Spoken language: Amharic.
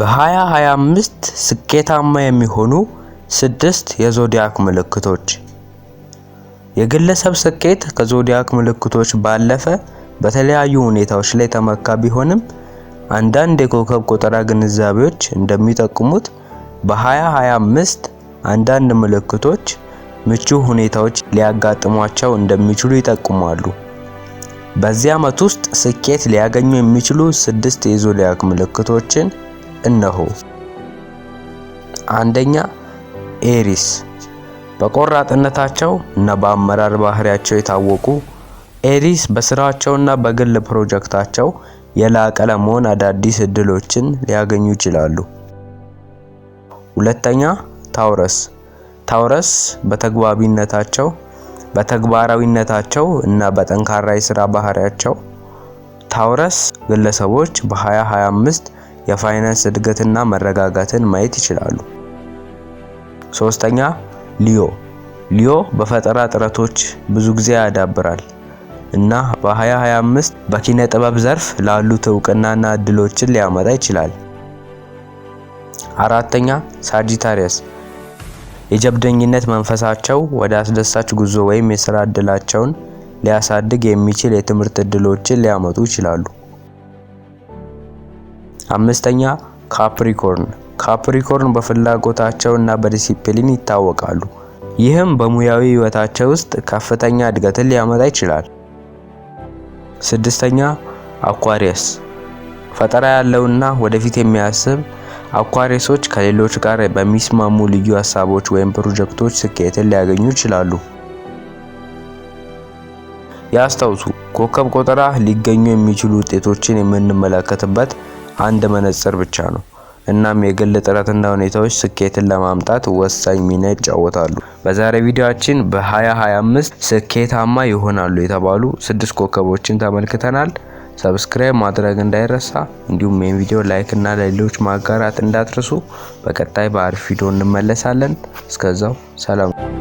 በ2025 ስኬታማ የሚሆኑ ስድስት የዞዲያክ ምልክቶች። የግለሰብ ስኬት ከዞዲያክ ምልክቶች ባለፈ በተለያዩ ሁኔታዎች ላይ ተመካ ቢሆንም አንዳንድ የኮከብ ቆጠራ ግንዛቤዎች እንደሚጠቁሙት በ2025 አንዳንድ ምልክቶች ምቹ ሁኔታዎች ሊያጋጥሟቸው እንደሚችሉ ይጠቁማሉ። በዚህ ዓመት ውስጥ ስኬት ሊያገኙ የሚችሉ ስድስት የዞዲያክ ምልክቶችን እነሆ። አንደኛ ኤሪስ በቆራጥነታቸው እና በአመራር ባህሪያቸው የታወቁ ኤሪስ በስራቸውና በግል ፕሮጀክታቸው የላቀ ለመሆን አዳዲስ እድሎችን ሊያገኙ ይችላሉ። ሁለተኛ ታውረስ ታውረስ በተግባቢነታቸው፣ በተግባራዊነታቸው እና በጠንካራ የስራ ባህሪያቸው ታውረስ ግለሰቦች በ2025 የፋይናንስ እድገትና መረጋጋትን ማየት ይችላሉ። ሶስተኛ ሊዮ ሊዮ በፈጠራ ጥረቶች ብዙ ጊዜ ያዳብራል እና በ2025 በኪነ ጥበብ ዘርፍ ላሉት እውቅናና እድሎችን ሊያመጣ ይችላል። አራተኛ ሳጂታሪየስ የጀብደኝነት መንፈሳቸው ወደ አስደሳች ጉዞ ወይም የስራ እድላቸውን ሊያሳድግ የሚችል የትምህርት እድሎችን ሊያመጡ ይችላሉ። አምስተኛ ካፕሪኮርን። ካፕሪኮርን በፍላጎታቸው እና በዲሲፕሊን ይታወቃሉ። ይህም በሙያዊ ህይወታቸው ውስጥ ከፍተኛ እድገትን ሊያመጣ ይችላል። ስድስተኛ አኳሪየስ ፈጠራ ያለውና ወደፊት የሚያስብ አኳሪሶች ከሌሎች ጋር በሚስማሙ ልዩ ሀሳቦች ወይም ፕሮጀክቶች ስኬትን ሊያገኙ ይችላሉ። ያስታውሱ፣ ኮከብ ቆጠራ ሊገኙ የሚችሉ ውጤቶችን የምንመለከትበት አንድ መነጽር ብቻ ነው። እናም የግል ጥረትና ሁኔታዎች ስኬትን ለማምጣት ወሳኝ ሚና ይጫወታሉ። በዛሬ ቪዲዮአችን በ2025 ስኬታማ ይሆናሉ የተባሉ ስድስት ኮከቦችን ተመልክተናል። ሰብስክራይብ ማድረግ እንዳይረሳ፣ እንዲሁም ይህን ቪዲዮ ላይክ እና ለሌሎች ማጋራት እንዳትርሱ በቀጣይ በአሪፍ ቪዲዮ እንመለሳለን። እስከዛው ሰላም